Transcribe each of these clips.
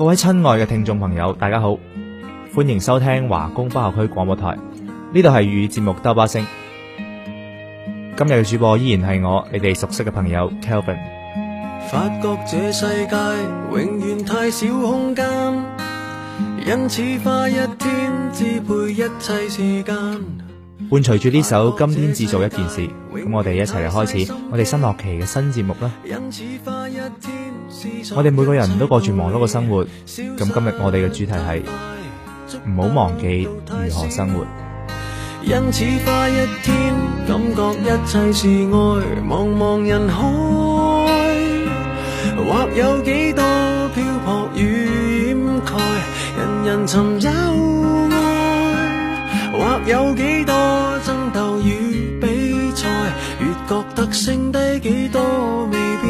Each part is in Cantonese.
各位親愛嘅聽眾朋友，大家好，歡迎收聽華工北校區廣播臺，呢度係粵語節目兜巴星。今日嘅主播依然係我，你哋熟悉嘅朋友 Kelvin。Calvin，發覺這世界永遠太少空間，因此花一天支配一切時間。伴隨住呢首《今天只做一件事》，咁我哋一齊嚟開始我哋新學期嘅新節目啦。因此我哋每個人都過住忙碌嘅生活，咁今日我哋嘅主題係唔好忘記如何生活。因此，花一天，感覺一切是愛，茫茫人海，或有幾多漂泊與掩蓋，人人尋找愛，或有幾多爭鬥與比賽，越覺得剩低幾多未必。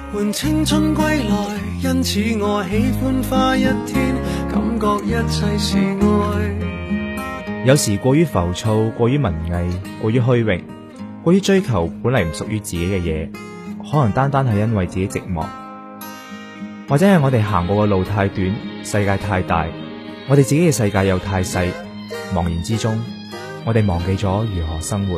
換青春歸來，因此我喜歡花一天，感覺一切是愛，有時過於浮躁，過於文藝，過於虛榮，過於追求本嚟唔屬於自己嘅嘢，可能單單係因為自己寂寞，或者係我哋行過嘅路太短，世界太大，我哋自己嘅世界又太細，茫然之中，我哋忘記咗如何生活。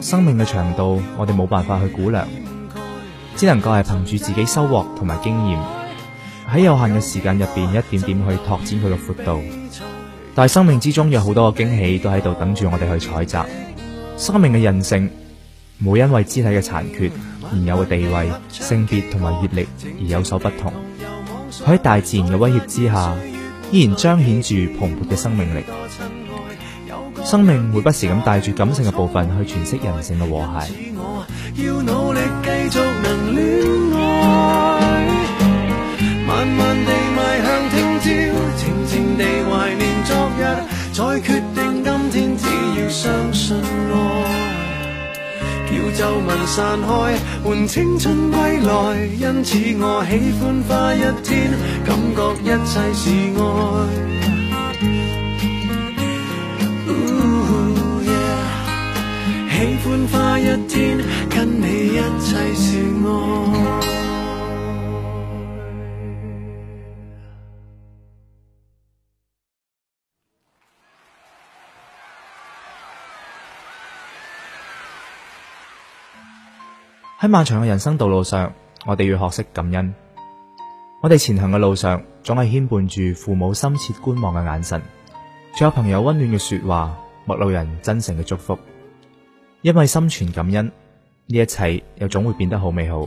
生命嘅長度，我哋冇辦法去估量，只能夠係憑住自己收穫同埋經驗，喺有限嘅時間入邊，一點點去拓展佢嘅闊度。但係生命之中有好多嘅驚喜都喺度等住我哋去採摘。生命嘅韌性，冇因為肢體嘅殘缺、現有嘅地位、性別同埋閱歷而有所不同。佢喺大自然嘅威脅之下，依然彰顯住蓬勃嘅生命力。生命會不時咁帶住感性嘅部分去詮釋人性嘅和諧。因此我要努力繼續能戀愛，慢慢地邁向聽朝，靜靜地懷念昨日，再決定今天，只要相信愛，叫皺紋散開，喚青春歸來。因此我喜歡花一天，感覺一切是愛。一天跟你一切是愛。喺漫長嘅人生道路上，我哋要學識感恩。我哋前行嘅路上，總係牽絆住父母深切觀望嘅眼神，仲有朋友溫暖嘅說話，陌路人真誠嘅祝福。因為心存感恩，呢一切又總會變得好美好。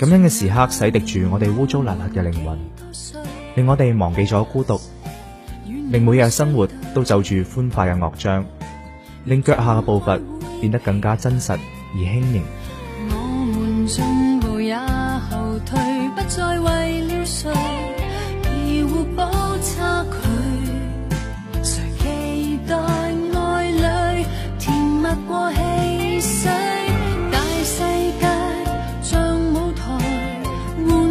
感恩嘅時刻洗滌住我哋污糟邋遢嘅靈魂，令我哋忘記咗孤獨，令每日生活都奏住歡快嘅樂章，令腳下嘅步伐變得更加真實而輕盈。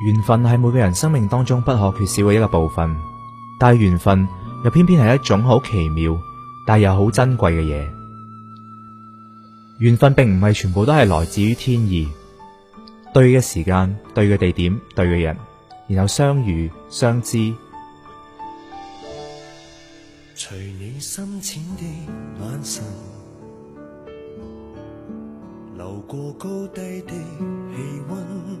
緣分係每個人生命當中不可缺少嘅一個部分，但係緣分又偏偏係一種好奇妙但又好珍貴嘅嘢。緣分並唔係全部都係來自於天意，對嘅時間、對嘅地點、對嘅人，然後相遇相知。隨你深淺嘅眼神，流過高低的氣溫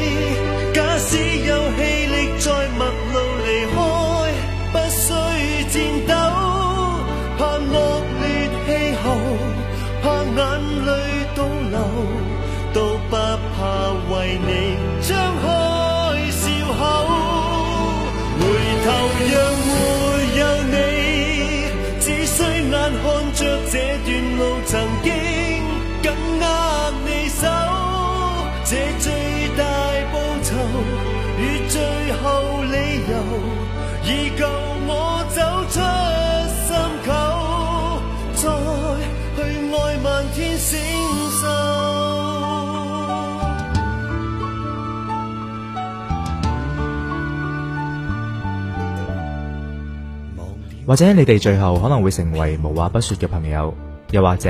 或者你哋最後可能會成為無話不說嘅朋友，又或者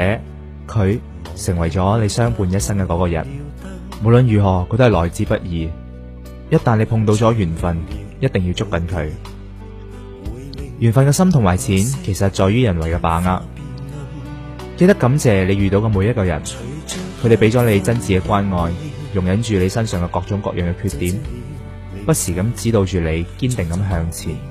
佢成為咗你相伴一生嘅嗰個人。無論如何，佢都係來之不易。一旦你碰到咗緣分，一定要捉緊佢。緣分嘅深同埋淺，其實在於人為嘅把握。記得感謝你遇到嘅每一個人，佢哋俾咗你真摯嘅關愛，容忍住你身上嘅各種各樣嘅缺點，不時咁指導住你，堅定咁向前。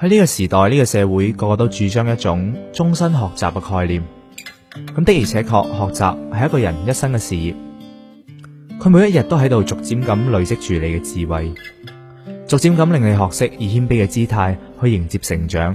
喺呢個時代，呢個社會，個個都主張一種終身學習嘅概念。咁的而且確，學習係一個人一生嘅事業。佢每一日都喺度逐漸咁累積住你嘅智慧，逐漸咁令你學識，以謙卑嘅姿態去迎接成長。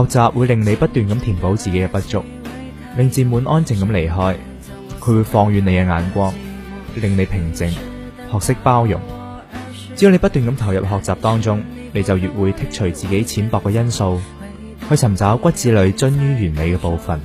學習會令你不斷咁填補自己嘅不足，令自滿安靜咁離開，佢會放遠你嘅眼光，令你平靜，學識包容。只要你不斷咁投入學習當中，你就越會剔除自己淺薄嘅因素，去尋找骨子裏臻於完美嘅部分。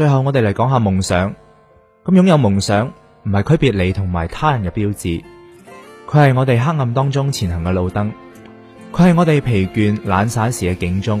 最後我哋嚟講下夢想，咁擁有夢想唔係區別你同埋他人嘅標誌，佢係我哋黑暗當中前行嘅路燈，佢係我哋疲倦懶散時嘅警鐘。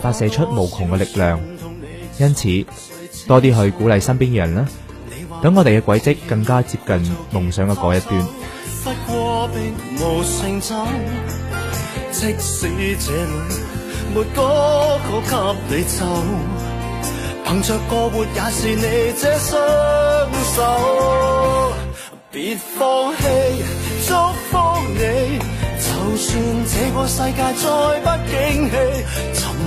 發射出無窮嘅力量，因此多啲去鼓勵身邊嘅人啦，等我哋嘅軌跡更加接近夢想嘅嗰一段。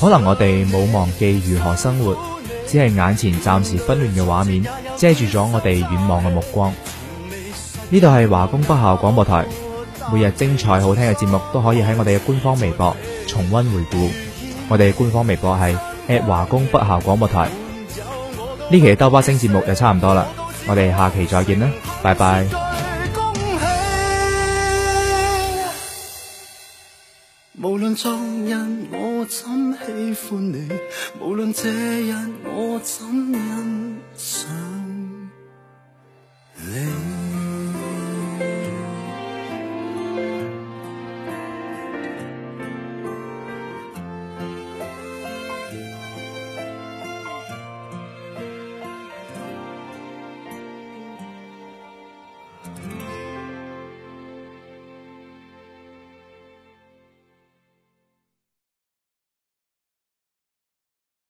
可能我哋冇忘記如何生活，只係眼前暫時紛亂嘅畫面遮住咗我哋遠望嘅目光。呢度係華工北校廣播台，每日精彩好聽嘅節目都可以喺我哋嘅官方微博重溫回顧。我哋官方微博係@華工北校廣播台，呢期嘅兜巴 sing 節目就差唔多啦，我哋下期再見啦，拜拜。